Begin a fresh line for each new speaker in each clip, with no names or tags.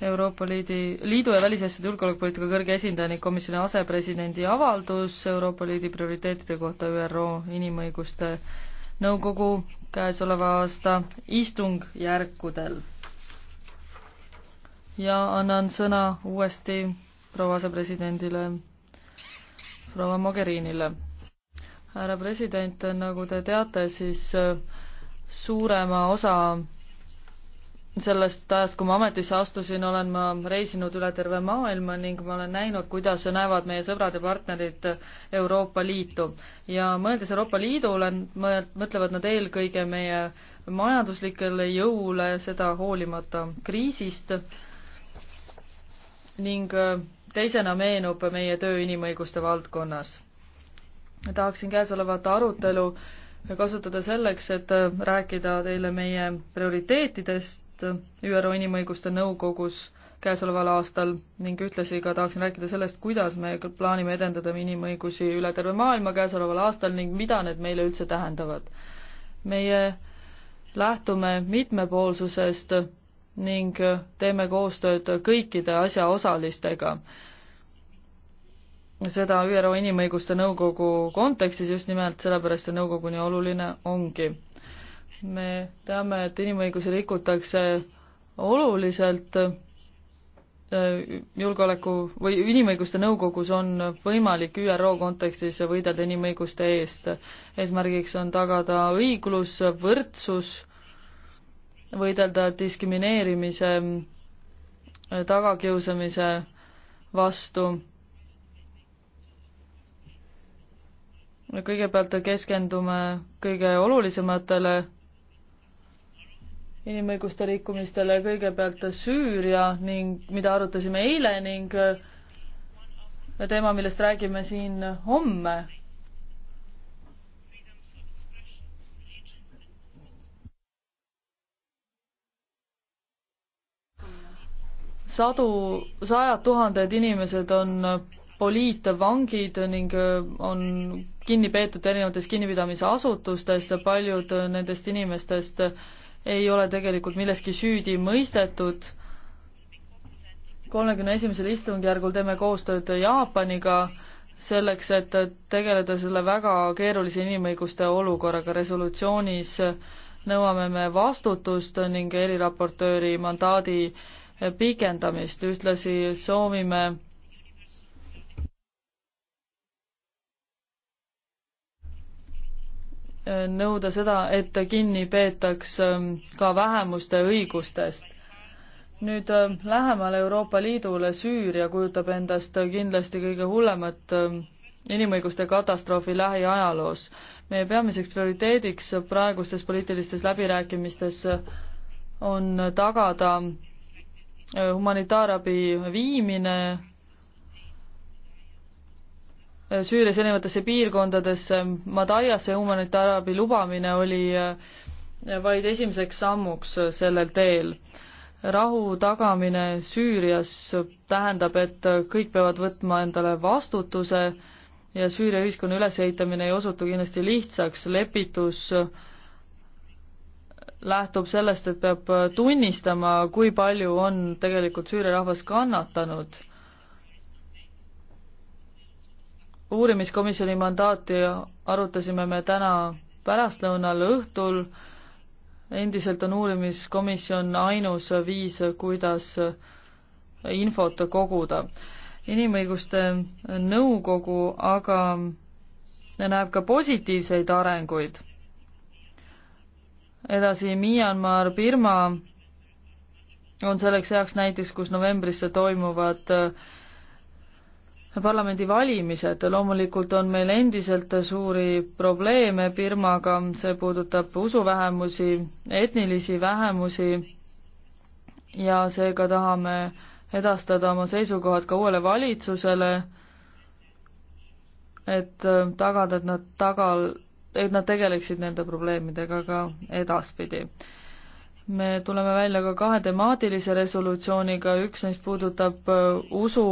Euroopa Liidi, Liidu ja välisasjade julgeolekupoliitika kõrge esindaja ning komisjoni asepresidendi avaldus Euroopa Liidu prioriteetide kohta ÜRO Inimõiguste Nõukogu käesoleva aasta istungjärkudel. ja annan sõna uuesti proua asepresidendile, proua Mogherinile. härra president, nagu te teate, siis äh, suurema osa sellest ajast, kui ma ametisse astusin, olen ma reisinud üle terve maailma ning ma olen näinud, kuidas näevad meie sõbrad ja partnerid Euroopa Liitu. ja mõeldes Euroopa Liidule, mõtlevad nad eelkõige meie majanduslikele jõule, seda hoolimata kriisist, ning äh, teisena meenub meie töö inimõiguste valdkonnas. tahaksin käesolevat arutelu kasutada selleks, et äh, rääkida teile meie prioriteetidest aset ÜRO Inimõiguste Nõukogus käesoleval aastal ning ühtlasi ka tahaksin rääkida sellest, kuidas me plaanime edendada inimõigusi üle terve maailma käesoleval aastal ning mida need meile üldse tähendavad. meie lähtume mitmepoolsusest ning teeme koostööd kõikide asjaosalistega. seda ÜRO Inimõiguste Nõukogu kontekstis just nimelt sellepärast see nõukogu nii oluline ongi me teame, et inimõigusi rikutakse oluliselt äh, julgeoleku või Inimõiguste Nõukogus on võimalik ÜRO kontekstis võidelda inimõiguste eest. eesmärgiks on tagada õiglus, võrdsus, võidelda diskrimineerimise, äh, tagakiusamise vastu. kõigepealt keskendume kõige olulisematele inimõiguste rikkumistele, kõigepealt Süüria ning mida arutasime eile ning äh, teema, millest räägime siin homme. sadu, sajad tuhanded inimesed on poliitvangid ning äh, on kinni peetud erinevates kinnipidamise asutustes, paljud nendest inimestest ei ole tegelikult milleski süüdi mõistetud. kolmekümne esimesel istungjärgul teeme koostööd Jaapaniga selleks, et tegeleda selle väga keerulise inimõiguste olukorraga. resolutsioonis nõuame me vastutust ning eriraportööri mandaadi pikendamist, ühtlasi soovime nõuda seda, et kinni peetaks ähm, ka vähemuste õigustest. nüüd ähm, lähemale Euroopa Liidule Süüria kujutab endast kindlasti kõige hullemat ähm, inimõiguste katastroofi lähiajaloos. meie peamiseks prioriteediks praegustes poliitilistes läbirääkimistes on tagada äh, humanitaarabi viimine Süürias erinevatesse piirkondadesse, Madaiasse humanitaarabi lubamine oli äh, vaid esimeseks sammuks äh, sellel teel. rahu tagamine Süürias tähendab, et äh, kõik peavad võtma endale vastutuse ja Süüria ühiskonna ülesehitamine ei osutu kindlasti lihtsaks, lepitus lähtub sellest, et peab tunnistama, kui palju on tegelikult Süüria rahvas kannatanud uurimiskomisjoni mandaati arutasime me täna pärastlõunal õhtul. endiselt on uurimiskomisjon ainus viis, kuidas infot koguda. inimõiguste nõukogu aga näeb ka positiivseid arenguid. edasi Myanmar, Birma on selleks heaks näiteks, kus novembrisse toimuvad äh, parlamendivalimised, loomulikult on meil endiselt suuri probleeme Birmaga, see puudutab usuvähemusi, etnilisi vähemusi ja seega tahame edastada oma seisukohad ka uuele valitsusele, et tagada, et nad tagal, et nad tegeleksid nende probleemidega ka edaspidi. me tuleme välja ka kahe temaatilise resolutsiooniga, üks neist puudutab usu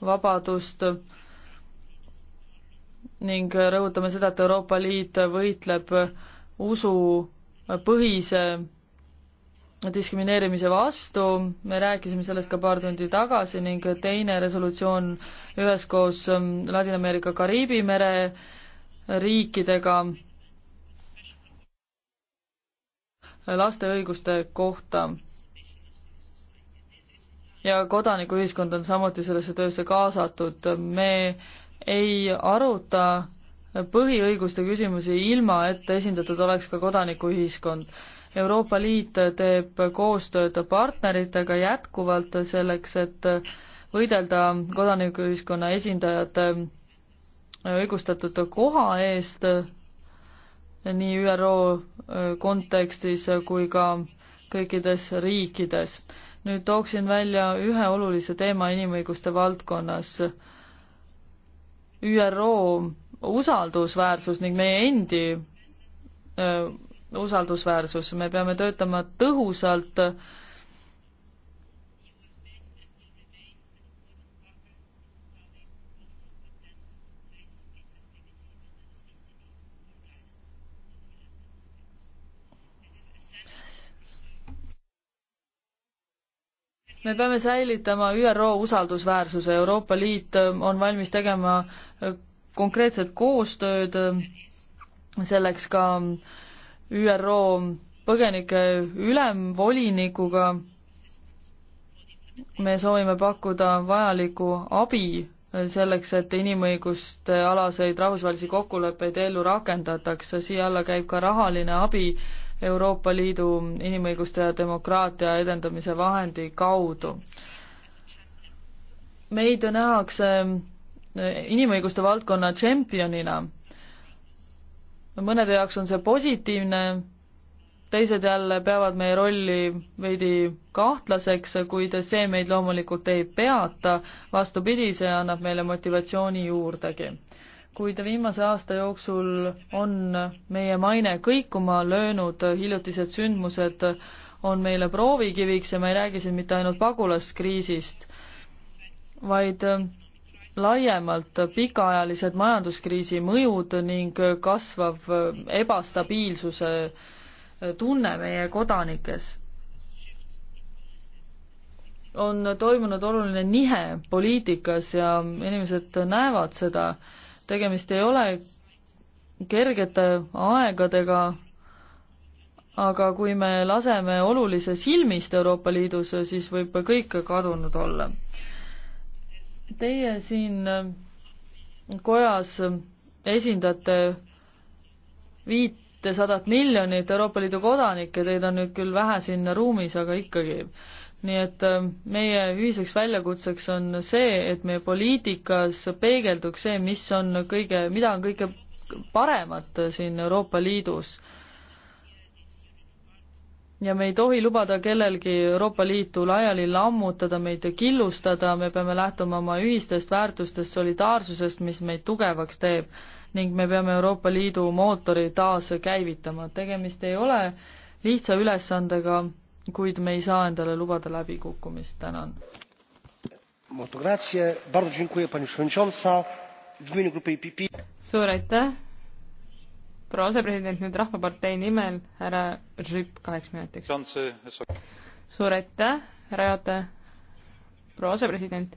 vabadust ning rõhutame seda, et Euroopa Liit võitleb usupõhise diskrimineerimise vastu, me rääkisime sellest ka paar tundi tagasi ning teine resolutsioon üheskoos Ladina-Ameerika Kariibi mere riikidega laste õiguste kohta ja kodanikuühiskond on samuti sellesse töösse kaasatud. me ei aruta põhiõiguste küsimusi ilma, et esindatud oleks ka kodanikuühiskond. Euroopa Liit teeb koostööd partneritega jätkuvalt selleks, et võidelda kodanikuühiskonna esindajate õigustatud koha eest nii ÜRO kontekstis kui ka kõikides riikides nüüd tooksin välja ühe olulise teema inimõiguste valdkonnas. ÜRO usaldusväärsus ning meie endi öö, usaldusväärsus, me peame töötama tõhusalt öö, me peame säilitama ÜRO usaldusväärsuse, Euroopa Liit ähm, on valmis tegema äh, konkreetset koostööd ähm, selleks ka ähm, ÜRO põgenike ülemvolinikuga. me soovime pakkuda vajalikku abi äh, selleks, et inimõiguste alaseid rahvusvahelisi kokkuleppeid ellu rakendatakse, siia alla käib ka rahaline abi Euroopa Liidu inimõiguste ja demokraatia edendamise vahendi kaudu. meid nähakse eh, inimõiguste valdkonna tšempionina. mõnede jaoks on see positiivne, teised jälle peavad meie rolli veidi kahtlaseks, kuid see meid loomulikult ei peata, vastupidi, see annab meile motivatsiooni juurdegi kuid viimase aasta jooksul on meie maine kõikuma löönud, hiljutised sündmused on meile proovikiviks ja ma ei räägi siin mitte ainult pagulaskriisist, vaid laiemalt pikaajalised majanduskriisi mõjud ning kasvav ebastabiilsuse tunne meie kodanikes. on toimunud oluline nihe poliitikas ja inimesed näevad seda, tegemist ei ole kergete aegadega, aga kui me laseme olulise silmist Euroopa Liidus, siis võib kõik kadunud olla. Teie siin kojas esindate viitesadat miljonit Euroopa Liidu kodanikke, teid on nüüd küll vähe siin ruumis, aga ikkagi nii et äh, meie ühiseks väljakutseks on see, et meie poliitikas peegelduks see, mis on kõige, mida on kõige paremat siin Euroopa Liidus. ja me ei tohi lubada kellelgi Euroopa Liitu laiali lammutada, meid killustada, me peame lähtuma oma ühistest väärtustest, solidaarsusest, mis meid tugevaks teeb ning me peame Euroopa Liidu mootori taas käivitama, tegemist ei ole lihtsa ülesandega kuid me ei saa endale lubada läbikukkumist, tänan. E
suur aitäh, proua asepresident, nüüd Rahvapartei nimel härra Žip kaheks minutiks. suur aitäh, härra juhataja, proua asepresident.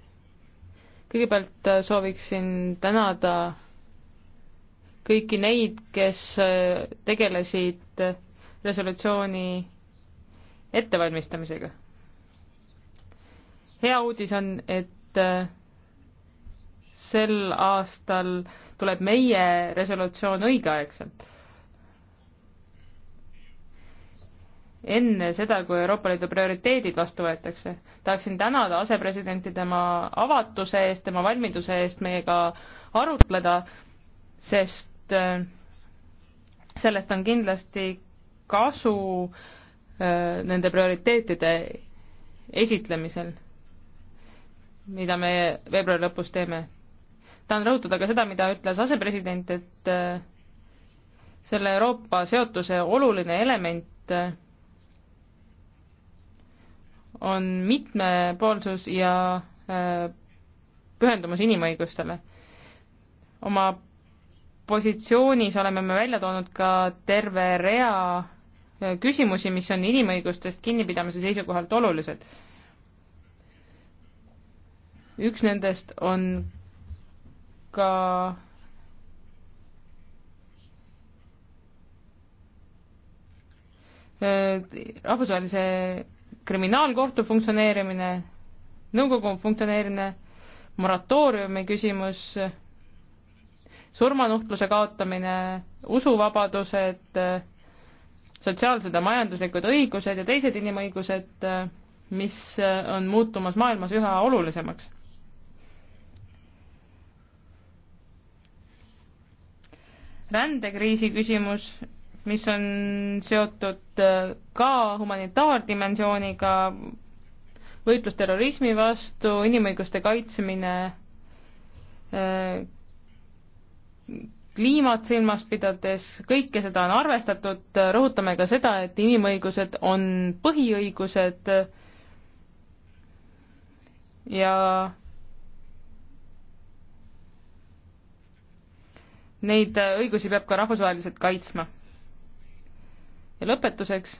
kõigepealt äh, sooviksin tänada kõiki neid, kes äh, tegelesid äh, resolutsiooni ettevalmistamisega. hea uudis on, et äh, sel aastal tuleb meie resolutsioon õigeaegselt. enne seda, kui Euroopa Liidu prioriteedid vastu võetakse, tahaksin tänada asepresidenti tema avatuse eest, tema valmiduse eest meiega arutleda, sest äh, sellest on kindlasti kasu äh, Äh, nende prioriteetide esitlemisel, mida me veebruari lõpus teeme. tahan rõhutada ka seda, mida ütles asepresident, et äh, selle Euroopa seotuse oluline element äh, on mitmepoolsus ja pühendumus inimõigustele. oma positsioonis oleme me välja toonud ka terve rea küsimusi, mis on inimõigustest kinnipidamise seisukohalt olulised. üks nendest on ka rahvusvahelise kriminaalkohtu funktsioneerimine, nõukogu funktsioneerimine, moratooriumi küsimus, surmanuhtluse kaotamine, usuvabadused sotsiaalsed ja majanduslikud õigused ja teised inimõigused, äh, mis äh, on muutumas maailmas üha olulisemaks. rändekriisi küsimus, mis on seotud äh, ka humanitaardimensiooniga, võitlus terrorismi vastu, inimõiguste kaitsmine, kliimat silmas pidades, kõike seda on arvestatud, rõhutame ka seda, et inimõigused on põhiõigused ja neid õigusi peab ka rahvusvaheliselt kaitsma. ja lõpetuseks.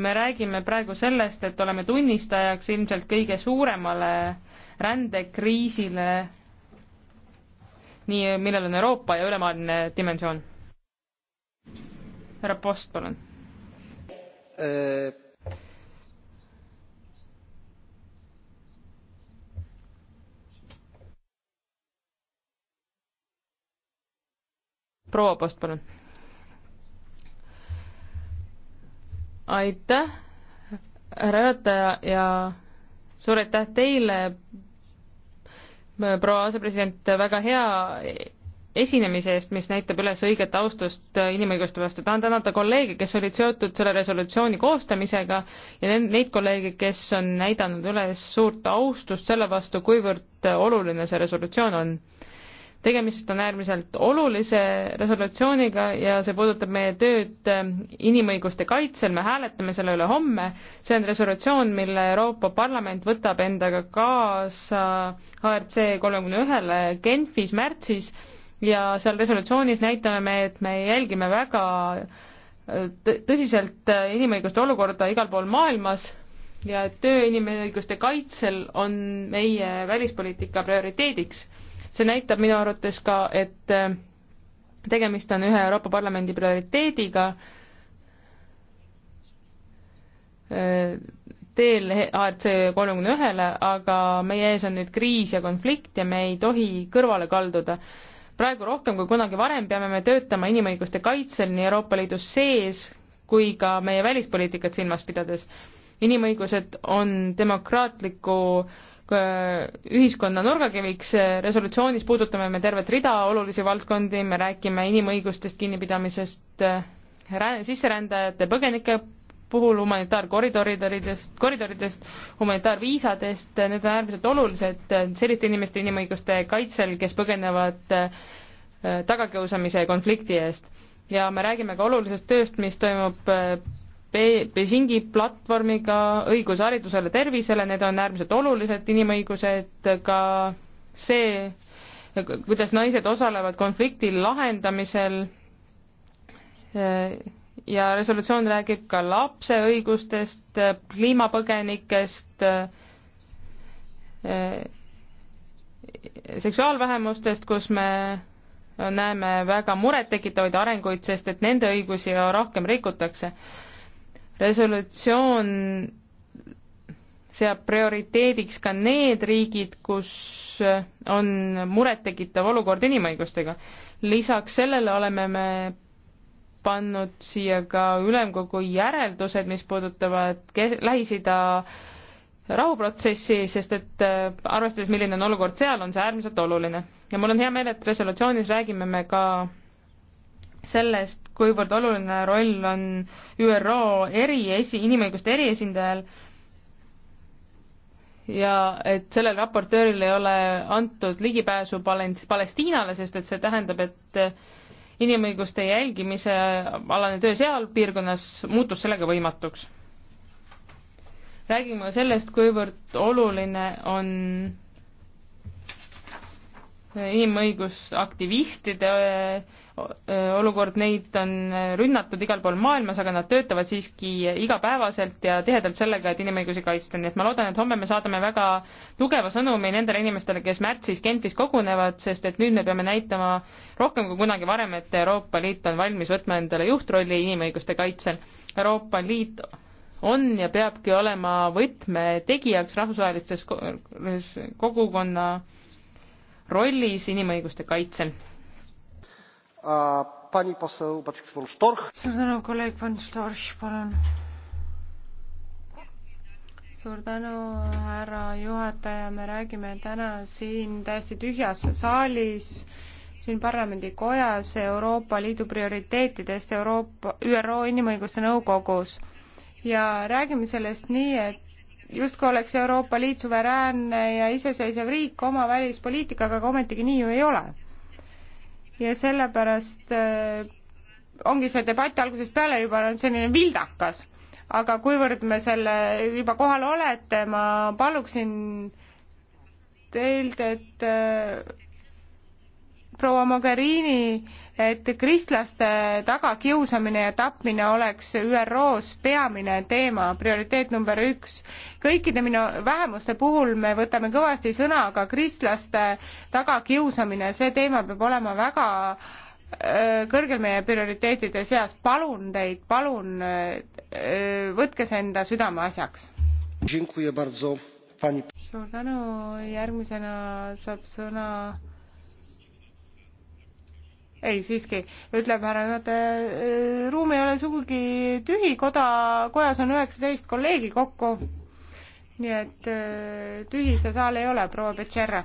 me räägime praegu sellest, et oleme tunnistajaks ilmselt kõige suuremale rändekriisile, nii, millel on Euroopa ja ülemaailmne dimensioon. härra Post, palun äh.... proua Post, palun. aitäh, härra juhataja ja suur aitäh teile proua asepresident, väga hea esinemise eest, mis näitab üles õiget austust inimõiguste vastu. tahan tänada kolleege, kes olid seotud selle resolutsiooni koostamisega ja neid kolleege, kes on näidanud üles suurt austust selle vastu, kuivõrd oluline see resolutsioon on tegemist on äärmiselt olulise resolutsiooniga ja see puudutab meie tööd ähm, inimõiguste kaitsel, me hääletame selle üle homme, see on resolutsioon, mille Euroopa Parlament võtab endaga kaasa HRC kolmekümne ühele Genfis märtsis ja seal resolutsioonis näitame me, et me jälgime väga äh, tõsiselt äh, inimõiguste olukorda igal pool maailmas ja töö inimõiguste kaitsel on meie välispoliitika prioriteediks see näitab minu arvates ka, et äh, tegemist on ühe Euroopa Parlamendi prioriteediga äh, teel ARC kolmekümne ühele, aga meie ees on nüüd kriis ja konflikt ja me ei tohi kõrvale kalduda. praegu rohkem kui kunagi varem peame me töötama inimõiguste kaitsel nii Euroopa Liidus sees kui ka meie välispoliitikat silmas pidades. inimõigused on demokraatliku äh, ühiskonna nurgakiviks. resolutsioonis puudutame me tervet rida olulisi valdkondi, me räägime inimõigustest kinnipidamisest, sisserändajate, põgenike puhul humanitaarkoridoridest, koridoridest, humanitaarviisadest, need on äärmiselt olulised selliste inimeste inimõiguste kaitsel, kes põgenevad äh, tagakiusamise ja konflikti eest. ja me räägime ka olulisest tööst, mis toimub äh, Be-, Beijingi platvormiga õigus haridusele, tervisele, need on äärmiselt olulised inimõigused, ka see, kuidas naised osalevad konflikti lahendamisel ja resolutsioon räägib ka lapse õigustest, kliimapõgenikest, seksuaalvähemustest, kus me näeme väga murettekitavaid arenguid, sest et nende õigusi rohkem rikutakse resolutsioon seab prioriteediks ka need riigid, kus on murettekitav olukord inimõigustega. lisaks sellele oleme me pannud siia ka ülemkogu järeldused, mis puudutavad Lähis-Ida rahuprotsessi, sest et äh, arvestades, milline on olukord seal, on see äärmiselt oluline. ja mul on hea meel, et resolutsioonis räägime me ka sellest, kuivõrd oluline roll on ÜRO eriesi-, inimõiguste eriesindajal ja et sellel raportööril ei ole antud ligipääsu Palent-, Palestiinale, sest et see tähendab, et inimõiguste jälgimise alane töö seal piirkonnas muutus sellega võimatuks. räägime sellest, kuivõrd oluline on inimõigusaktivistide olukord, neid on rünnatud igal pool maailmas, aga nad töötavad siiski igapäevaselt ja tihedalt sellega, et inimõigusi kaitsta, nii et ma loodan, et homme me saadame väga tugeva sõnumi nendele inimestele, kes märtsis Genfis kogunevad, sest et nüüd me peame näitama rohkem kui kunagi varem, et Euroopa Liit on valmis võtma endale juhtrolli inimõiguste kaitsel. Euroopa Liit on ja peabki olema võtmetegijaks rahvusvahelistes kogukonna rollis inimõiguste kaitsel
uh,. suur
tänu, kolleeg von Storch, palun.
suur tänu, härra juhataja, me räägime täna siin täiesti tühjas saalis siin parlamendikojas Euroopa Liidu prioriteetidest Euroopa, ÜRO Inimõiguste Nõukogus ja räägime sellest nii, et justkui oleks Euroopa Liit suveräänne ja iseseisev riik oma välispoliitikaga, aga ometigi nii ju ei ole. ja sellepärast äh, ongi see debatt algusest peale juba selline vildakas, aga kuivõrd me selle juba kohal olete, ma paluksin teilt, et äh, proua Mogherini et kristlaste tagakiusamine ja tapmine oleks ÜRO-s peamine teema, prioriteet number üks. kõikide minu vähemuste puhul me võtame kõvasti sõna, aga kristlaste tagakiusamine, see teema peab olema väga äh, kõrgel meie prioriteetide seas, palun teid, palun äh, võtke see enda südameasjaks. suur tänu, järgmisena saab sõna ei siiski, ütleb härra juhataja, äh, ruum ei ole sugugi tühi, koda, kojas on üheksateist kolleegi kokku. nii et äh, tühi see saal ei ole, proua Becerra.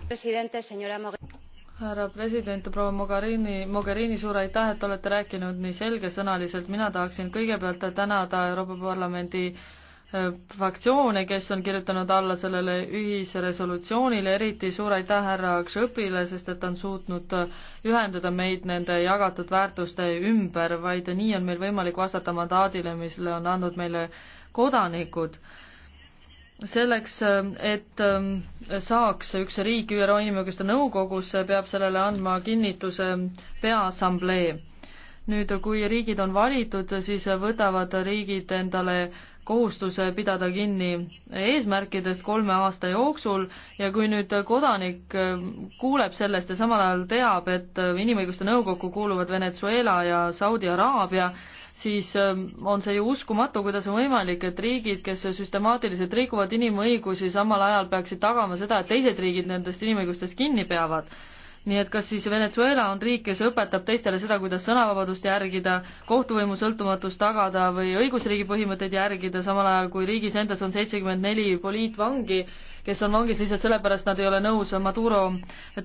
härra president ja proua Mogherini, Mogherini, suur aitäh, et olete rääkinud nii selgesõnaliselt, mina tahaksin kõigepealt tänada Euroopa Parlamendi fraktsioone, kes on kirjutanud alla sellele ühisresolutsioonile, eriti suur aitäh härra Kšõpile, sest et ta on suutnud ühendada meid nende jagatud väärtuste ümber, vaid nii on meil võimalik vastata mandaadile, mille on andnud meile kodanikud. selleks, et ähm, saaks üks riik ÜRO Inimõiguste Nõukogusse, peab sellele andma kinnituse Peaassamblee nüüd, kui riigid on valitud, siis võtavad riigid endale kohustuse pidada kinni eesmärkidest kolme aasta jooksul ja kui nüüd kodanik kuuleb sellest ja samal ajal teab, et Inimõiguste Nõukokku kuuluvad Venezuela ja Saudi Araabia, siis ähm, on see ju uskumatu, kuidas on võimalik, et riigid, kes süstemaatiliselt rikuvad inimõigusi, samal ajal peaksid tagama seda, et teised riigid nendest inimõigustest kinni peavad nii et kas siis Venezuela on riik, kes õpetab teistele seda, kuidas sõnavabadust järgida, kohtuvõimu sõltumatust tagada või õigusriigi põhimõtteid järgida, samal ajal kui riigis endas on seitsekümmend neli poliitvangi, kes on vangis lihtsalt sellepärast, nad ei ole nõus Maduro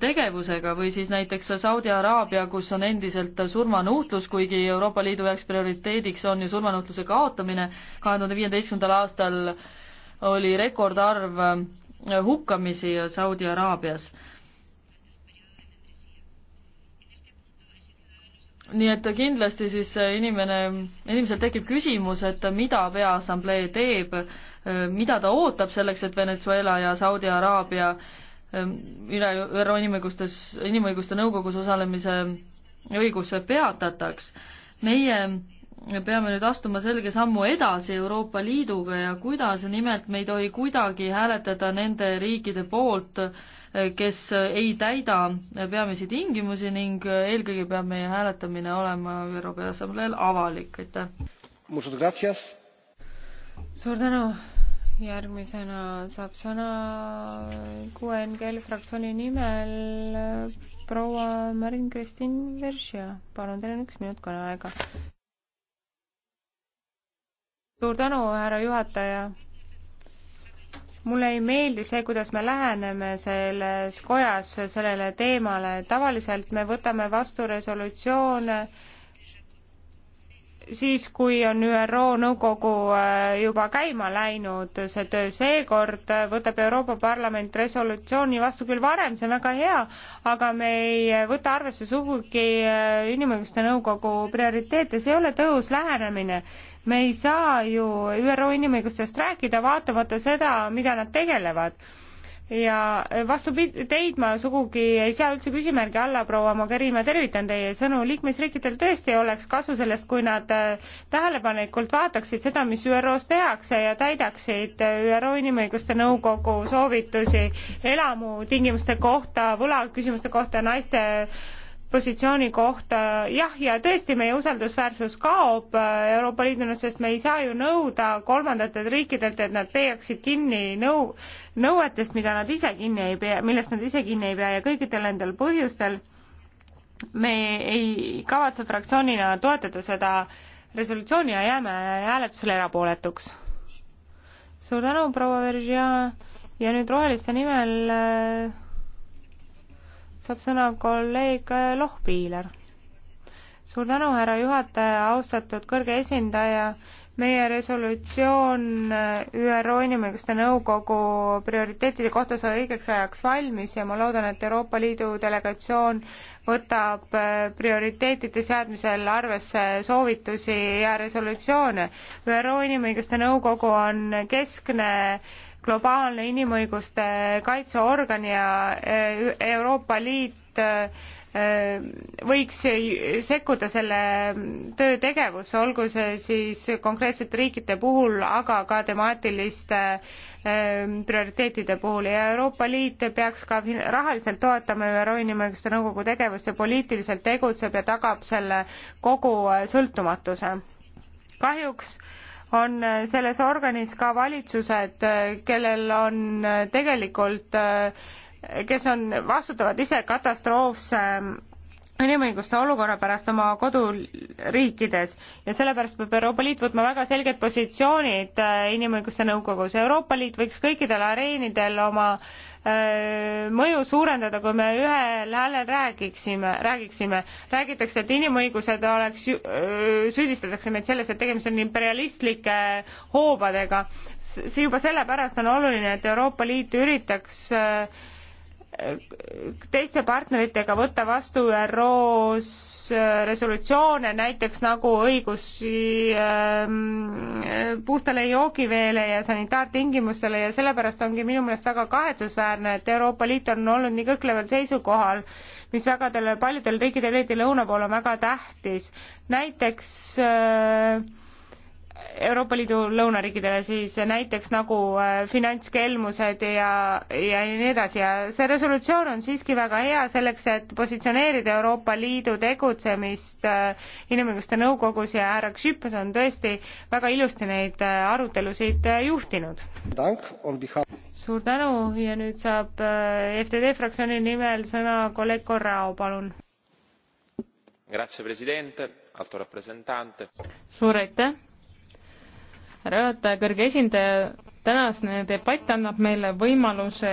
tegevusega või siis näiteks Saudi Araabia, kus on endiselt surmanuhtlus, kuigi Euroopa Liidu üheks prioriteediks on ju surmanuhtluse kaotamine, kahe tuhande viieteistkümnendal aastal oli rekordarv hukkamisi Saudi Araabias nii et kindlasti siis inimene, inimesel tekib küsimus, et mida Peaassamblee teeb, mida ta ootab selleks, et Venezuela ja Saudi Araabia ähm, üle ÜRO inimõigustes, inimõiguste nõukogus osalemise õigus peatataks. meie peame nüüd astuma selge sammu edasi Euroopa Liiduga ja kuidas, nimelt me ei tohi kuidagi hääletada nende riikide poolt, kes ei täida peamisi tingimusi ning eelkõige peab meie hääletamine olema ÜRO Peaassambleel avalik, aitäh.
suur tänu, järgmisena saab sõna QNGL fraktsiooni nimel proua Marin-Kristin Veržia, palun, teil on üks minut kõneaega. suur tänu, härra juhataja mulle ei meeldi see, kuidas me läheneme selles kojas sellele teemale, tavaliselt me võtame vastu resolutsioone siis, kui on ÜRO Nõukogu äh, juba käima läinud see töö, seekord võtab Euroopa Parlament resolutsiooni vastu küll varem, see on väga hea, aga me ei võta arvesse sugugi äh, Inimõiguste Nõukogu prioriteete, see ei ole tõhus lähenemine me ei saa ju ÜRO inimõigustest rääkida, vaatamata seda, mida nad tegelevad ja vastupidi, teid ma sugugi ei sea üldse küsimärgi alla, proua Mogherini, ma tervitan teie sõnu, liikmesriikidel tõesti oleks kasu sellest, kui nad äh, tähelepanelikult vaataksid seda, mis ÜRO-s tehakse ja täidaksid äh, ÜRO Inimõiguste Nõukogu soovitusi elamutingimuste kohta, võlaküsimuste kohta, naiste positsiooni kohta, jah, ja tõesti, meie usaldusväärsus kaob Euroopa Liiduna, sest me ei saa ju nõuda kolmandatelt riikidelt, et nad peaksid kinni nõu, nõuetest, mida nad ise kinni ei pea, millest nad ise kinni ei pea ja kõikidel nendel põhjustel me ei kavatse fraktsioonina toetada seda resolutsiooni ja jääme hääletusele erapooletuks. suur tänu, proua Veržia ja nüüd roheliste nimel äh, saab sõna kolleeg äh, Lohpiiler. suur tänu, härra juhataja, austatud kõrge esindaja meie resolutsioon äh, ÜRO Inimõiguste Nõukogu prioriteetide kohta sai õigeks ajaks valmis ja ma loodan, et Euroopa Liidu delegatsioon võtab äh, prioriteetide seadmisel arvesse soovitusi ja resolutsioone. ÜRO Inimõiguste Nõukogu on keskne globaalne inimõiguste kaitseorgan ja eh, Euroopa Liit eh, võiks sekkuda selle töö tegevusse, olgu see siis konkreetsete riikide puhul, aga ka temaatiliste eh, prioriteetide puhul ja Euroopa Liit peaks ka rahaliselt toetama ÜRO Inimõiguste Nõukogu tegevust ja poliitiliselt tegutseb ja tagab selle kogu sõltumatuse. kahjuks äh, on äh, selles organis ka valitsused, äh, kellel on äh, tegelikult, kes on, vastutavad ise katastroofse ähm, inimõiguste olukorra pärast oma koduriikides ja sellepärast peab Euroopa Liit võtma väga selged positsioonid Inimõiguste Nõukogus. Euroopa Liit võiks kõikidel areenidel oma äh, Äh, mõju suurendada, kui me ühel häälel räägiksime, räägiksime. räägitakse, et inimõigused oleks, süüdistatakse meid selles, et tegemist on imperialistlike hoobadega. see juba sellepärast on oluline, et Euroopa Liit üritaks äh, teiste partneritega võtta vastu ÜRO-s äh, resolutsioone, näiteks nagu õigusi äh, puhtale joogiveele ja sanitaartingimustele ja sellepärast ongi minu meelest väga kahetsusväärne, et Euroopa Liit on olnud nii kõhkleval seisukohal, mis vägadele paljudel riikidel, eriti lõuna pool, on väga tähtis. näiteks äh, Euroopa Liidu lõunariikidele siis näiteks nagu äh, finantskelmused ja, ja nii edasi ja see resolutsioon on siiski väga hea selleks, et positsioneerida Euroopa Liidu tegutsemist äh, Inimõiguste Nõukogus ja härra Kšüpes on tõesti väga ilusti neid äh, arutelusid juhtinud. suur tänu ja nüüd saab FTD fraktsiooni nimel sõna kolleeg Korrao, palun.
suur aitäh härra juhataja, kõrge esindaja, tänane debatt annab meile võimaluse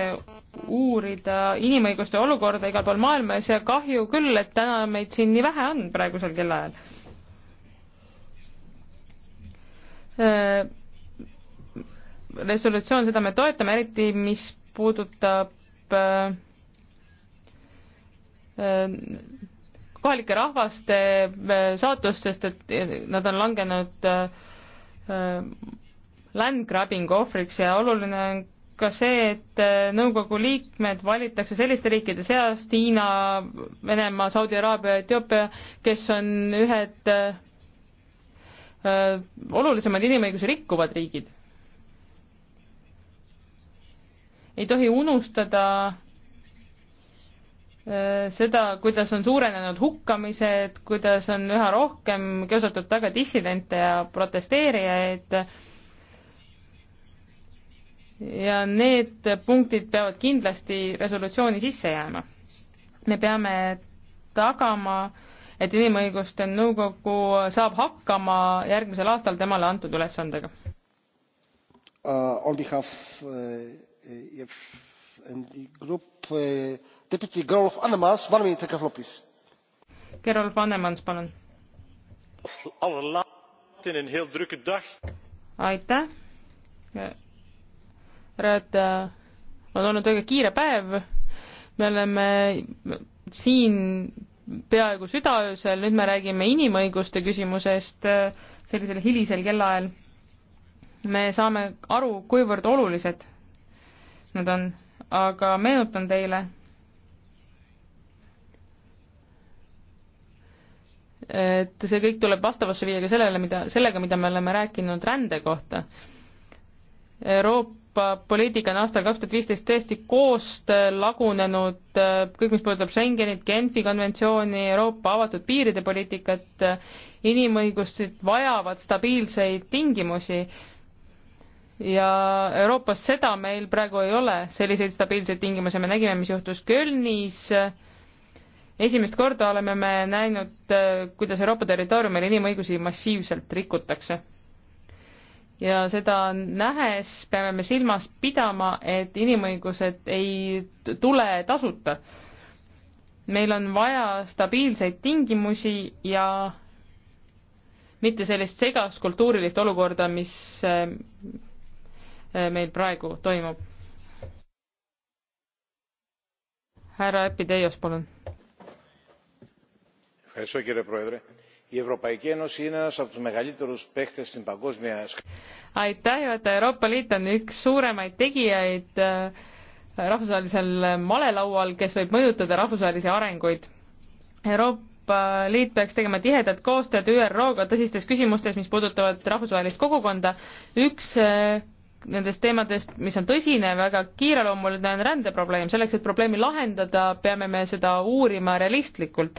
uurida inimõiguste olukorda igal pool maailmas ja kahju küll, et täna meid siin nii vähe on praegusel kellaajal. Äh, resolutsioon, seda me toetame, eriti mis puudutab äh, äh, kohalike rahvaste saatust, sest et nad on langenud äh, Äh, landgrabbing ohvriks ja oluline on ka see, et äh, nõukogu liikmed valitakse selliste riikide seast, Hiina, Venemaa, Saudi Araabia, Etioopia, kes on ühed äh, olulisemad inimõigusi rikkuvad riigid. ei tohi unustada Äh, seda, kuidas on suurenenud hukkamised, kuidas on üha rohkem kiusatud taga dissidente ja protesteerijaid. ja need punktid peavad kindlasti resolutsiooni sisse jääma. me peame tagama, et Inimõiguste Nõukogu saab hakkama järgmisel aastal temale antud ülesandega
uh,. On behalf uh, if, uh, and the group uh,
gerolf annemans palun!
aitäh! Rööta äh, on olnud väga kiire päev. me oleme siin peaaegu südaöösel, nüüd me räägime inimõiguste küsimusest äh, sellisel hilisel kellaajal. me saame aru, kuivõrd olulised nad on, aga meenutan teile, et see kõik tuleb vastavusse viia ka sellele, mida, sellega, mida me oleme rääkinud rände kohta. Euroopa poliitika on aastal kaks tuhat viisteist tõesti koost lagunenud, kõik, mis puudutab Schengenit, Genfi konventsiooni, Euroopa avatud piiride poliitikat, inimõigused vajavad stabiilseid tingimusi ja Euroopas seda meil praegu ei ole, selliseid stabiilseid tingimusi, me nägime, mis juhtus Kölnis äh, esimest korda oleme me näinud, kuidas Euroopa territooriumil inimõigusi massiivselt rikutakse. ja seda nähes peame me silmas pidama, et inimõigused ei tule tasuta. meil on vaja stabiilseid tingimusi ja mitte sellist segast kultuurilist olukorda, mis äh, meil praegu toimub. härra Epi Teios, palun
aitäh juhataja,
Euroopa Liit on üks suuremaid tegijaid äh, rahvusvahelisel malelaual, kes võib mõjutada rahvusvahelisi arenguid. Euroopa Liit peaks tegema tihedat koostööd ÜRO-ga tõsistes küsimustes, mis puudutavad rahvusvahelist kogukonda. üks äh, nendest teemadest, mis on tõsine, väga kiireloomuline on rändeprobleem. selleks, et probleemi lahendada, peame me seda uurima realistlikult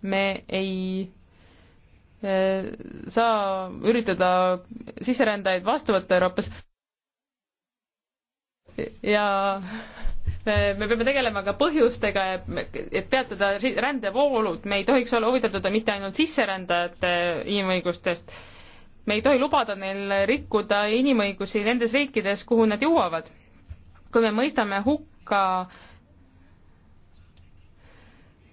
me ei eh, saa üritada sisserändajaid vastu võtta Euroopas. ja me peame tegelema ka põhjustega, et peatada rändevoolud, me ei tohiks olla huvitatud mitte ainult sisserändajate inimõigustest, me ei tohi lubada neil rikkuda inimõigusi nendes riikides, kuhu nad jõuavad. kui me mõistame hukka äh,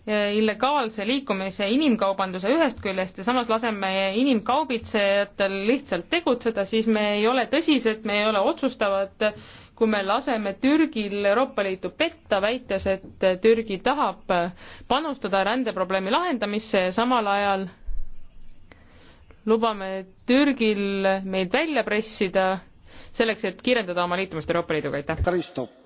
illegaalse liikumise inimkaubanduse ühest küljest ja samas laseme inimkaubitsejatel lihtsalt tegutseda, siis me ei ole tõsised, me ei ole otsustavad, kui me laseme Türgil Euroopa Liitu petta, väites, et Türgi tahab panustada rändeprobleemi lahendamisse ja samal ajal lubame Türgil meid välja pressida selleks, et kiirendada oma liitumist Euroopa Liiduga, aitäh!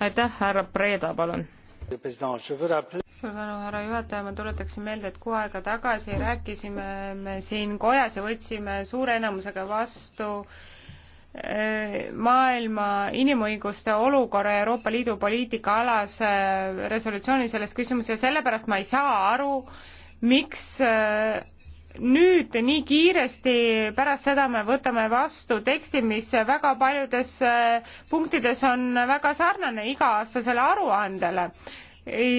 aitäh, härra Preda, palun suur tänu,
härra juhataja, ma tuletaksin meelde, et kuu aega tagasi rääkisime me siin kojas ja võtsime suure enamusega vastu eh, maailma inimõiguste olukorra Euroopa Liidu poliitika alase eh, resolutsiooni selles küsimuses ja sellepärast ma ei saa aru, miks eh, nüüd nii kiiresti pärast seda me võtame vastu teksti, mis väga paljudes äh, punktides on väga sarnane iga-aastasele aruandele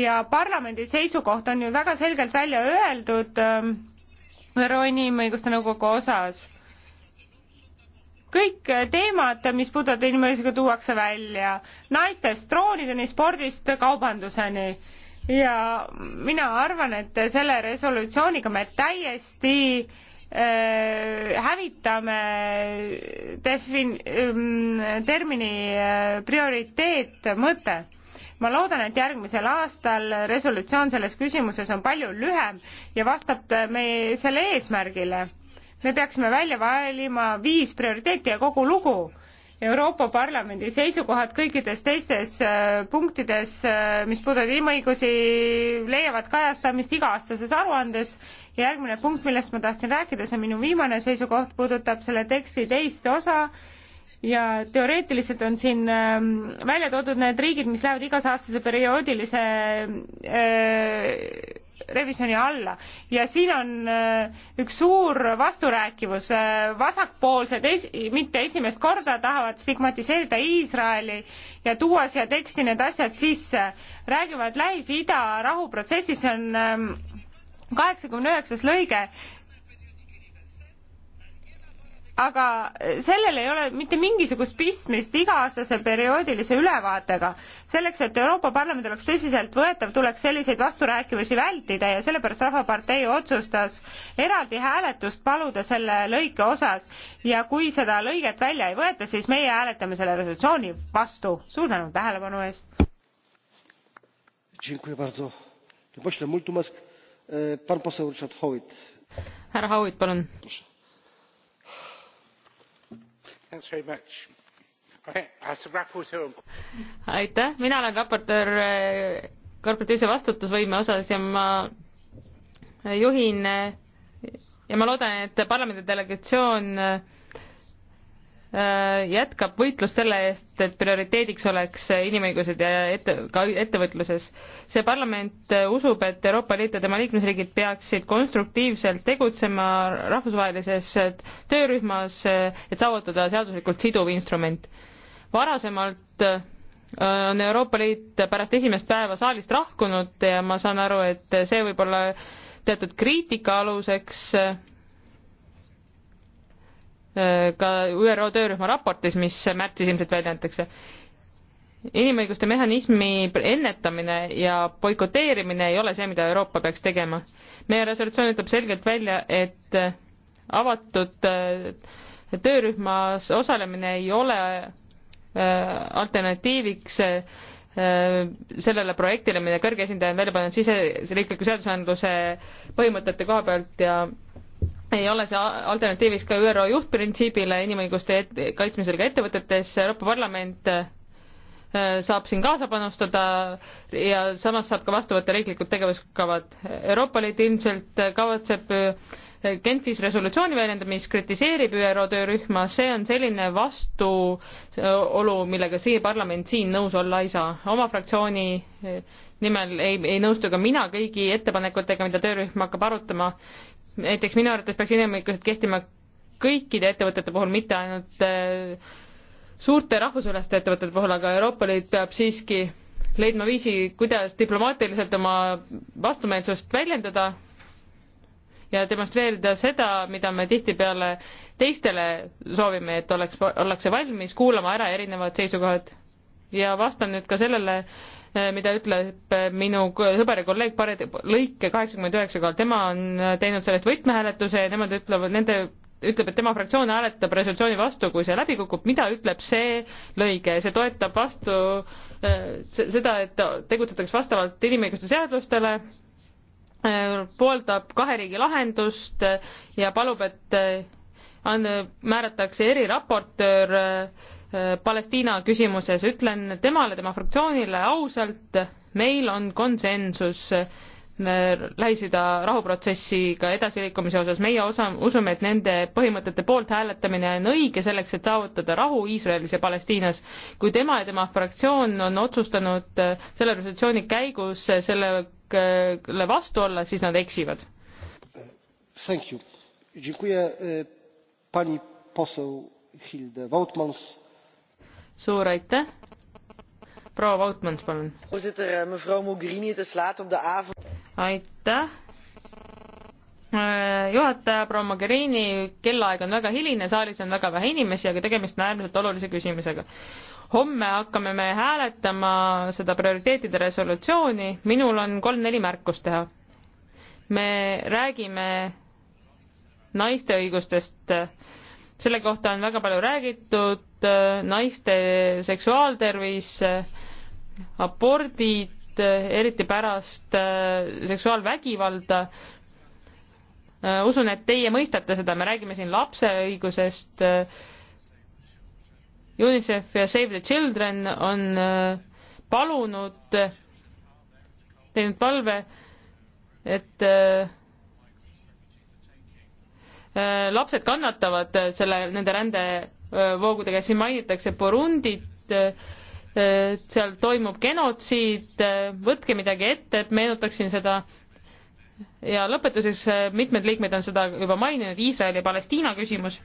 ja parlamendi seisukoht on ju väga selgelt välja öeldud ÜRO äh, Inimõiguste Nõukogu osas. kõik teemad, mis puudutavad inimõigusega, tuuakse välja naistest troonideni, spordist kaubanduseni ja mina arvan, et selle resolutsiooniga me täiesti äh, hävitame defin-, ähm, termini äh, prioriteet, mõte ma loodan, et järgmisel aastal resolutsioon selles küsimuses on palju lühem ja vastab meie selle eesmärgile. me peaksime välja valima viis prioriteeti ja kogu lugu. Euroopa Parlamendi seisukohad kõikides teistes äh, punktides, äh, mis puudutavad inimõigusi, leiavad kajastamist iga-aastases aruandes ja järgmine punkt, millest ma tahtsin rääkida, see on minu viimane seisukoht, puudutab selle teksti teist osa ja teoreetiliselt on siin ähm, välja toodud need riigid, mis lähevad igas aastase perioodilise öö, äh, revisjoni alla ja siin on äh, üks suur vasturääkivus. Äh, vasakpoolsed es, mitte esimest korda tahavad stigmatiseerida Iisraeli ja tuua siia teksti need asjad sisse. räägivad Lähis-Ida rahuprotsessis, see on ähm, kaheksakümne üheksas lõige, aga sellel ei ole mitte mingisugust pistmist iga-aastase perioodilise ülevaatega. selleks, et Euroopa Parlament oleks tõsiseltvõetav, tuleks selliseid vasturääkivusi vältida ja sellepärast Rahvapartei otsustas eraldi hääletust paluda selle lõike osas ja kui seda lõiget välja ei võeta, siis meie hääletame selle resolutsiooni
vastu. suur tänu tähelepanu eest. E, härra Howitt, palun aitäh, mina olen raportöör eh, korporatiivse vastutusvõime osas ja ma juhin eh, ja ma loodan, et parlamendi delegatsioon eh, Äh, jätkab võitlust selle eest, et prioriteediks oleks inimõigused ja ette, ka ettevõtluses. see parlament äh, usub, et Euroopa Liit ja tema liikmesriigid peaksid konstruktiivselt tegutsema rahvusvahelises äh, töörühmas, et saavutada seaduslikult siduv instrument. varasemalt on Euroopa Liit pärast esimest päeva saalist lahkunud ja ma saan aru, et see võib olla teatud kriitika aluseks Äh, ka ÜRO töörühma raportis, mis märtsis ilmselt välja antakse. inimõiguste mehhanismi ennetamine ja boikoteerimine ei ole see, mida Euroopa peaks tegema. meie resolutsioon ütleb selgelt välja, et avatud äh, töörühmas osalemine ei ole äh, alternatiiviks sellele projektile, mida kõrge esindaja on välja pannud siseriikliku seadusandluse põhimõtete koha pealt ja ei ole see alternatiiviks ka ÜRO juhtprintsiibile inimõiguste et kaitsmisel ka ettevõtetes, Euroopa Parlament äh, saab siin kaasa panustada ja samas saab ka vastu võtta riiklikud tegevuskavad. Euroopa Liit ilmselt kavatseb äh, Genfis resolutsiooni väljenda, mis kritiseerib ÜRO töörühma, see on selline vastuolu, millega see parlament siin nõus olla ei saa. oma fraktsiooni äh, nimel ei, ei nõustu ka mina kõigi ettepanekutega, mida töörühm hakkab arutama näiteks minu arvates peaks inimõigused kehtima kõikide ettevõtete puhul, mitte ainult äh, suurte rahvusvaheliste ettevõtete puhul, aga Euroopa Liit peab siiski leidma viisi, kuidas diplomaatiliselt oma vastumeelsust väljendada ja demonstreerida seda, mida me tihtipeale teistele soovime, et oleks, ollakse valmis kuulama ära erinevad seisukohad. ja vastan nüüd ka sellele Eh, mida ütleb eh, minu sõber ja kolleeg Pared Lõike kaheksakümmend üheksa kohal, tema on eh, teinud sellest võtmehääletuse ja nemad ütlevad, nende ütleb, et tema fraktsioon hääletab resolutsiooni vastu, kui see läbi kukub, mida ütleb see lõige, see toetab vastu seda, et tegutsetakse vastavalt inimõiguste seadustele, pooldab kahe riigi lahendust ja palub, et määratakse eriraportöör Palestiina küsimuses, ütlen temale, tema fraktsioonile ausalt, meil on konsensus äh, Lähis-Ida rahuprotsessiga edasiliikumise osas, meie osa, usume, et nende põhimõtete poolt hääletamine on õige selleks, et saavutada rahu Iisraelis ja Palestiinas. kui tema ja tema fraktsioon on otsustanud äh, selle resolutsiooni käigus äh, sellele vastu olla, siis nad eksivad.
E,
pani poseł Hilde Woutmans suur aitäh. proua Vautmans, palun. Eh, aitäh eh, juhataja proua Mogherini, kellaaeg on väga hiline, saalis on väga vähe inimesi, aga tegemist on äärmiselt olulise küsimusega. homme hakkame me hääletama seda prioriteetide resolutsiooni, minul on kolm-neli märkust teha. me räägime naiste õigustest, selle kohta on väga palju räägitud, Äh, naiste seksuaaltervis, äh, abordid, äh, eriti pärast seksuaalvägivalda. usun, et teie mõistate seda, me räägime siin lapse õigusest. UNICEF ja Save the Children on palunud, teinud palve, et lapsed kannatavad selle, nende rände voogudega, siin mainitakse Burundit, seal toimub genotsiid, võtke midagi ette, et meenutaksin seda. ja lõpetuseks, mitmed liikmed on seda juba maininud, Iisraeli ja Palestiina küsimus.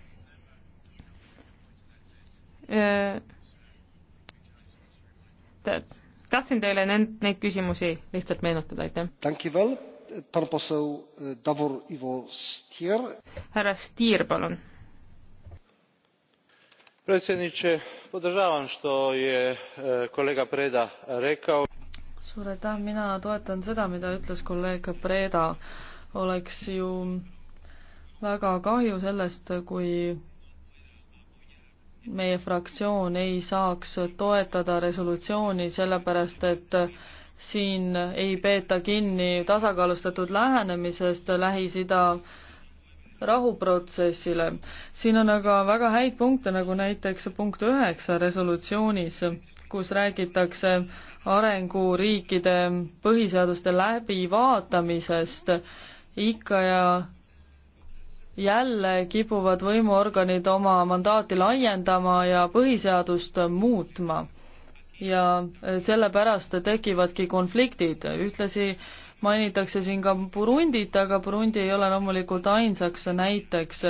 tahtsin teile nend-, neid küsimusi lihtsalt meenutada, aitäh. härra Stier, palun predsjednie podravam to je e, kolega preda rekao.
suur aitäh mina toetan seda mida ütles kolleeg preda oleks ju väga kahju sellest kui meie fraktsioon ei saaks toetada resolutsiooni sellepärast et siin ei peeta kinni tasakaalustatud lähenemisest lähis ida rahuprotsessile. siin on aga väga häid punkte, nagu näiteks punkt üheksa resolutsioonis, kus räägitakse arenguriikide põhiseaduste läbivaatamisest ikka ja jälle kipuvad võimuorganid oma mandaati laiendama ja põhiseadust muutma. ja sellepärast tekivadki konfliktid, ühtlasi mainitakse siin ka Burundit, aga Burundi ei ole loomulikult ainsaks näiteks.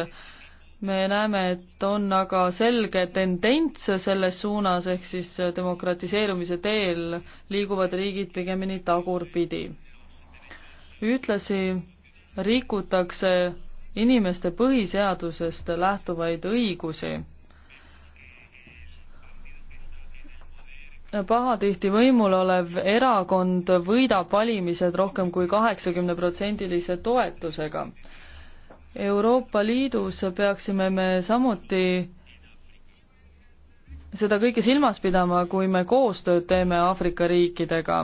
me näeme, et on aga selge tendents selles suunas, ehk siis demokratiseerumise teel liiguvad riigid pigemini tagurpidi. ühtlasi rikutakse inimeste põhiseadusest lähtuvaid õigusi pahatihti võimul olev erakond võidab valimised rohkem kui kaheksakümneprotsendilise toetusega. Euroopa Liidus peaksime me samuti seda kõike silmas pidama, kui me koostööd teeme Aafrika riikidega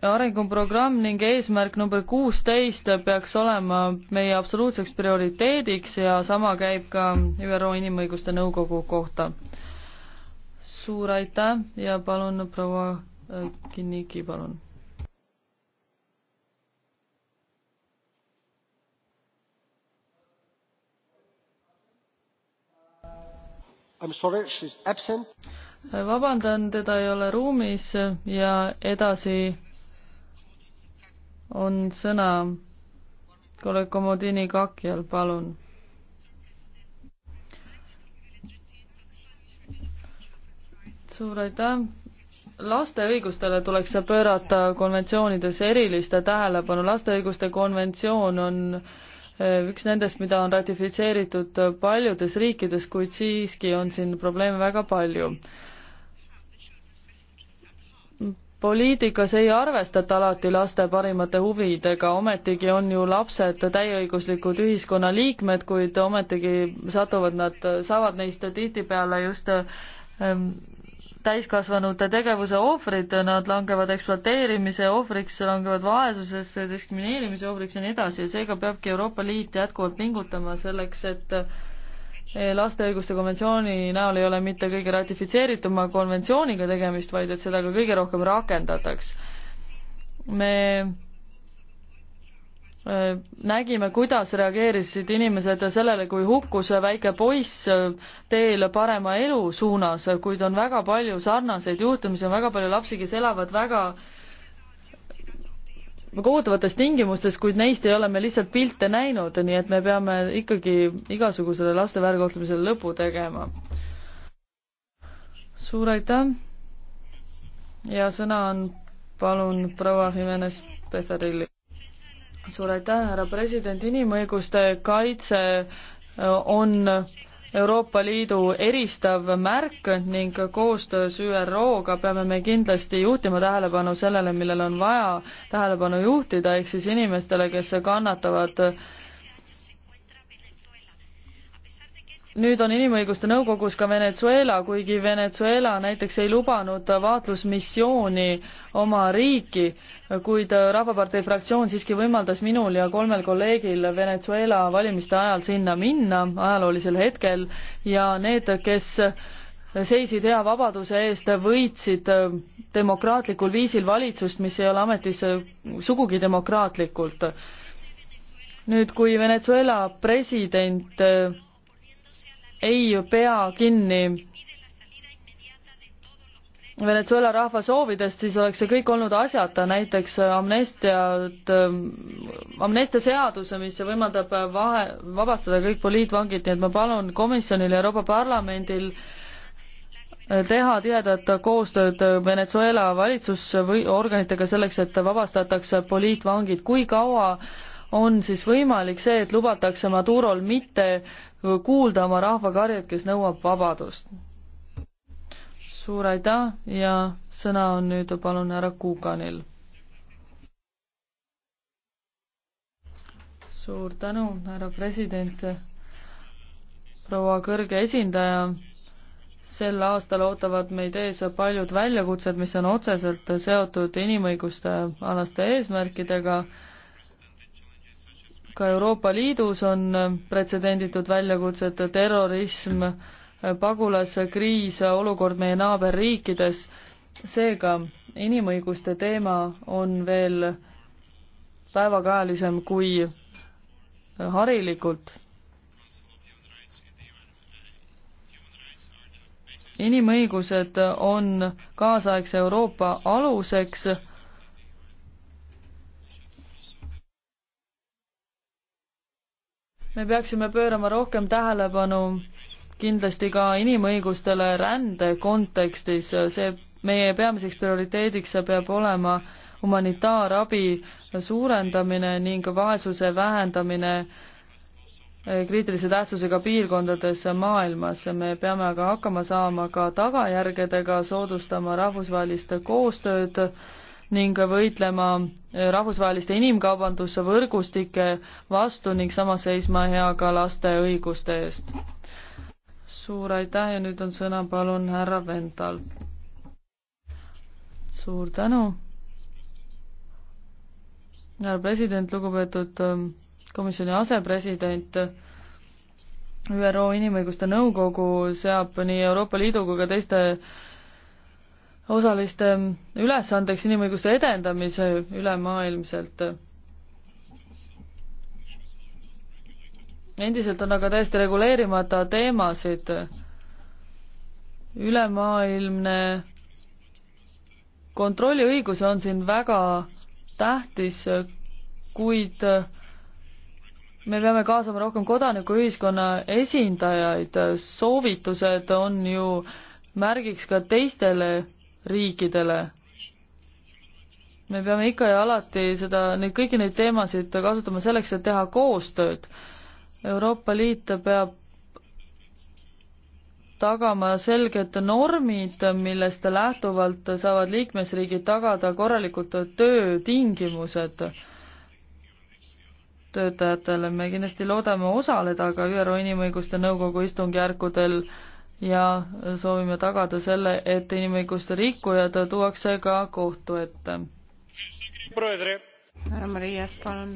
arenguprogramm ning eesmärk number kuusteist peaks olema meie absoluutseks prioriteediks ja sama käib ka ÜRO Inimõiguste Nõukogu kohta. suur aitäh ja palun proua äh, Kinniki, palun. vabandan, teda ei ole ruumis ja edasi on sõna kolleeg Komodini kakjal, palun suur aitäh! laste õigustele tuleks pöörata konventsioonides erilist tähelepanu, laste õiguste konventsioon on eh, üks nendest, mida on ratifitseeritud paljudes riikides, kuid siiski on siin probleeme väga palju poliitikas ei arvestata alati laste parimate huvidega, ometigi on ju lapsed täieõiguslikud ühiskonnaliikmed, kuid ometigi satuvad nad, saavad neist tihtipeale just ähm, täiskasvanute tegevuse ohvrid, nad langevad ekspluateerimise ohvriks, langevad vaesusesse, diskrimineerimise ohvriks ja nii edasi ja seega peabki Euroopa Liit jätkuvalt pingutama selleks, et Eh, laste õiguste konventsiooni näol ei ole mitte kõige ratifitseerituma konventsiooniga tegemist, vaid et seda ka kõige rohkem rakendataks. me eh, nägime, kuidas reageerisid inimesed sellele, kui hukkus väike poiss teel parema elu suunas, kuid on väga palju sarnaseid juhtumisi, on väga palju lapsi, kes elavad väga äh, väga ootavates tingimustes, kuid neist ei ole me lihtsalt pilte näinud, nii et me peame ikkagi igasugusele laste väärkohtlemisele lõpu tegema. suur aitäh ja sõna on palun proua Jimenez Petarili. suur aitäh, härra president, inimõiguste kaitse on äh, Euroopa Liidu eristav märk ning koostöös ÜRO-ga peame me kindlasti juhtima tähelepanu sellele, millele on vaja tähelepanu juhtida, ehk siis inimestele, kes kannatavad nüüd on Inimõiguste Nõukogus ka Venezuela, kuigi Venezuela näiteks ei lubanud vaatlusmissiooni oma riiki, kuid Rahvapartei fraktsioon siiski võimaldas minul ja kolmel kolleegil Venezuela valimiste ajal sinna minna ajaloolisel hetkel ja need, kes seisid hea vabaduse eest, võitsid demokraatlikul viisil valitsust, mis ei ole ametis sugugi demokraatlikult. nüüd, kui Venezuela president ei pea kinni Venezuela rahva soovidest, siis oleks see kõik olnud asjata, näiteks amnestiat, amnestia seaduse, mis võimaldab vahe, vabastada kõik poliitvangid, nii et ma palun komisjonil ja Euroopa Parlamendil teha tihedat koostööd Venezuela valitsusorganitega selleks, et vabastatakse poliitvangid, kui kaua äh, on siis võimalik see, et lubatakse Madurol mitte kuulda oma rahvakarjet, kes nõuab vabadust. suur aitäh ja sõna on nüüd palun härra Kukanil. suur tänu, härra president, proua kõrge esindaja sel aastal ootavad meid ees paljud väljakutsed, mis on otseselt seotud inimõiguste alaste eesmärkidega ka Euroopa Liidus on pretsedenditud väljakutsed, terrorism, pagulaskriis, olukord meie naaberriikides. seega inimõiguste teema on veel päevakajalisem kui harilikult. inimõigused on kaasaegse Euroopa aluseks me peaksime pöörama rohkem tähelepanu kindlasti ka inimõigustele rände kontekstis, see meie peamiseks prioriteediks peab olema humanitaarabi suurendamine ning vaesuse vähendamine kriitilise tähtsusega piirkondades maailmas. me peame aga hakkama saama ka tagajärgedega, soodustama rahvusvahelist koostööd ning võitlema äh, rahvusvaheliste inimkaubanduse võrgustike vastu ning samas seisma hea ka laste õiguste eest. suur aitäh ja nüüd on sõna palun härra Vental. suur tänu. härra president, lugupeetud ähm, komisjoni asepresident ÜRO Inimõiguste Nõukogu seab nii Euroopa Liidu kui ka teiste osaliste ähm, ülesandeks inimõiguste edendamise ülemaailmselt. endiselt on aga täiesti reguleerimata teemasid. ülemaailmne kontrolliõigus on siin väga tähtis, kuid äh, me peame kaasama rohkem kodanikuühiskonna esindajaid, soovitused on ju märgiks ka teistele riikidele. me peame ikka ja alati seda, neid kõiki neid teemasid kasutama selleks, et teha koostööd. Euroopa Liit peab tagama selged normid, millest lähtuvalt saavad liikmesriigid tagada korralikud töötingimused töötajatele. me kindlasti loodame osaleda ka ÜRO Inimõiguste Nõukogu istungjärkudel äh, ja soovime tagada selle, et inimõiguste rikkujad tuuakse ka kohtu ette.
härra Marias, palun.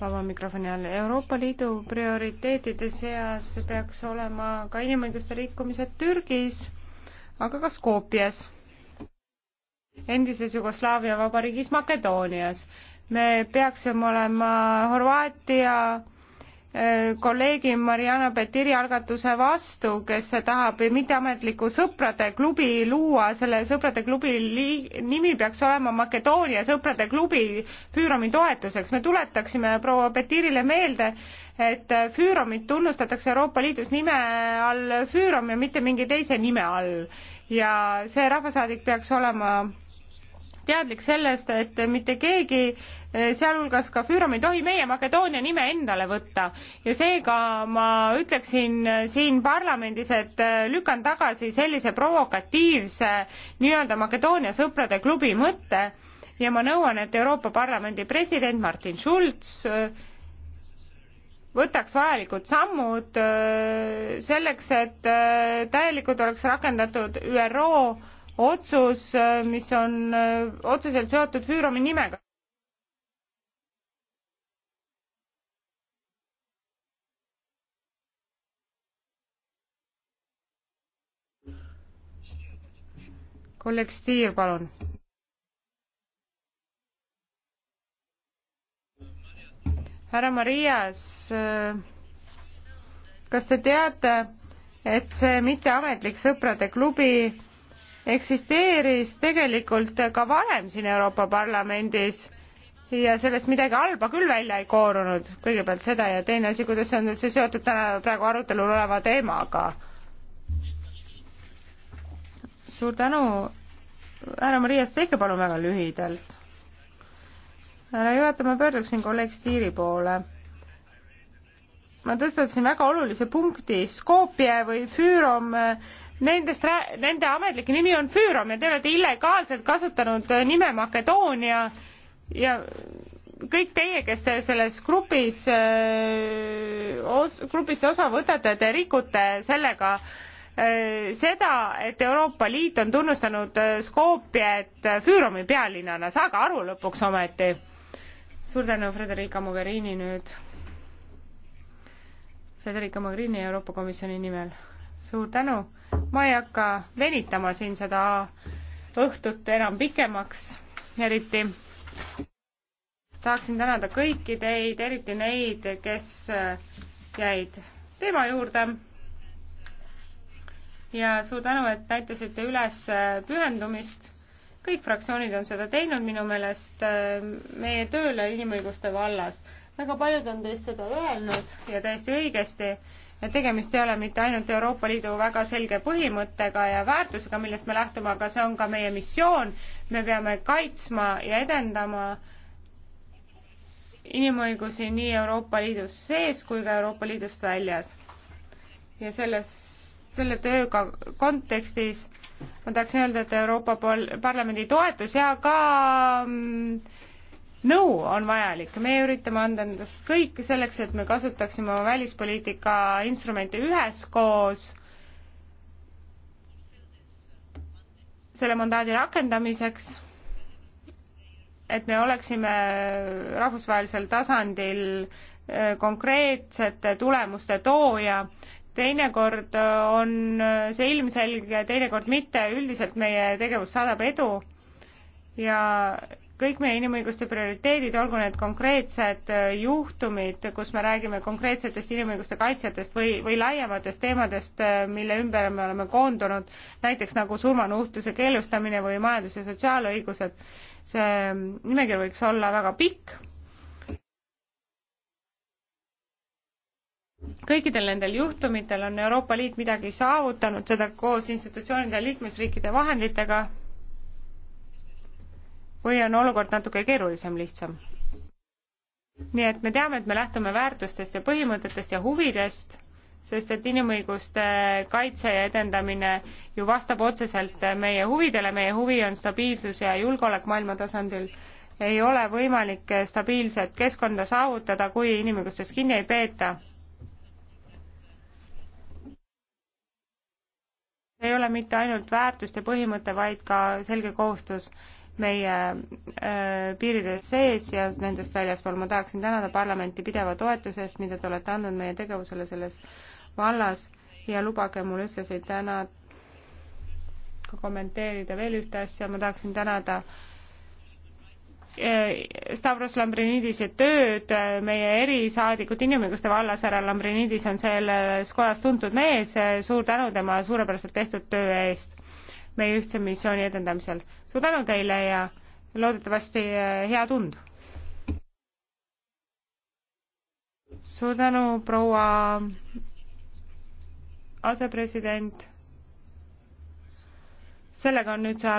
vaba mikrofoni all. Euroopa Liidu prioriteetide seas peaks olema ka inimõiguste rikkumised Türgis, aga ka Skopjas, endises Jugoslaavia vabariigis Makedoonias. me peaksime olema Horvaatia kolleegi Mariana Petiri algatuse vastu, kes tahab mitteametliku sõprade klubi luua, selle sõprade klubi nimi peaks olema Makedoonia sõprade klubi Füürumi toetuseks. me tuletaksime proua Petirile meelde, et Füürumit tunnustatakse Euroopa Liidus nime all Füürum ja mitte mingi teise nime all. ja see rahvasaadik peaks olema teadlik sellest, et mitte keegi, eh, sealhulgas ka Füürom, ei tohi meie Makedoonia nime endale võtta. ja seega ma ütleksin eh, siin parlamendis, et eh, lükkan tagasi sellise provokatiivse nii-öelda Makedoonia sõprade klubi mõtte ja ma nõuan, et Euroopa Parlamendi president Martin Schulz võtaks vajalikud sammud selleks, et täielikult oleks rakendatud ÜRO otsus, mis on äh, otseselt seotud Füüromi nimega. kolleeg Stiir, palun. härra Marias, äh, kas te teate, et see mitteametlik sõprade klubi eksisteeris tegelikult ka varem siin Euroopa Parlamendis ja sellest midagi halba küll välja ei koorunud, kõigepealt seda ja teine asi, kuidas on üldse seotud täna praegu arutelul oleva teemaga. suur tänu, härra Marias, tehke palun väga lühidalt. härra juhataja, ma pöörduksin kolleeg Stiiri poole ma tõstatasin väga olulise punkti, Skopje või Füürom Nendest, nende ametlik nimi on Füürom ja te olete illegaalselt kasutanud äh, nime Makedoonia ja kõik teie, kes te selles grupis, äh, grupis osa võtate, te rikute sellega äh, seda, et Euroopa Liit on tunnustanud Skopjet Füüromi pealinnana, saage aru lõpuks ometi. suur tänu, Frederica Mogherini nüüd. Frederica Mogherini Euroopa Komisjoni nimel, suur tänu ma ei hakka venitama siin seda õhtut enam pikemaks, eriti. tahaksin tänada kõiki teid, eriti neid, kes äh, jäid teema juurde. ja suur tänu, et näitasite üles äh, pühendumist. kõik fraktsioonid on seda teinud minu meelest äh, meie tööle inimõiguste vallas. väga paljud on teist seda öelnud ja täiesti õigesti tegemist ei ole mitte ainult Euroopa Liidu väga selge põhimõttega ja väärtusega, millest me lähtume, aga see on ka meie missioon. me peame kaitsma ja edendama inimõigusi nii Euroopa Liidus sees kui ka Euroopa Liidust väljas. ja selles, selle tööga kontekstis ma tahaksin öelda, et Euroopa Parlamendi toetus ja ka mm, nõu on vajalik, me üritame anda endast kõik selleks, et me kasutaksime oma välispoliitika instrumente üheskoos selle mandaadi rakendamiseks, et me oleksime rahvusvahelisel tasandil eh, konkreetsete tulemuste tooja, teinekord on see ilmselge, teinekord mitte, üldiselt meie tegevus saadab edu ja kõik meie inimõiguste prioriteedid, olgu need konkreetsed äh, juhtumid, kus me räägime konkreetsetest inimõiguste kaitsjatest või, või laiematest teemadest, äh, mille ümber me oleme koondunud, näiteks nagu surmanuhtluse keelustamine või majandus- ja sotsiaalõigused, see ähm, nimekiri võiks olla väga pikk. kõikidel nendel juhtumitel on Euroopa Liit midagi saavutanud, seda koos institutsioonide ja liikmesriikide vahenditega või on olukord natuke keerulisem, lihtsam? nii et me teame, et me lähtume väärtustest ja põhimõtetest ja huvidest, sest et inimõiguste kaitse ja edendamine ju vastab otseselt meie huvidele, meie huvi on stabiilsus ja julgeolek maailma tasandil. ei ole võimalik stabiilset keskkonda saavutada, kui inimõigustest kinni ei peeta ei ole mitte ainult väärtuste põhimõte, vaid ka selge kohustus meie äh, piiride sees ja nendest väljaspool. ma tahaksin tänada parlamenti pideva toetuse eest, mida te olete andnud meie tegevusele selles vallas ja lubage mul ühtlasi täna ka kommenteerida veel ühte asja, ma tahaksin tänada äh, Stavros Lambrinidise tööd, äh, meie erisaadikut inimõiguste vallas, härra Lambrinidis on selles kojas tuntud mees, suur tänu tema suurepäraselt tehtud töö eest meie ühtse missiooni edendamisel suur tänu teile ja loodetavasti eh, head und! suur tänu, proua asepresident. sellega on nüüd see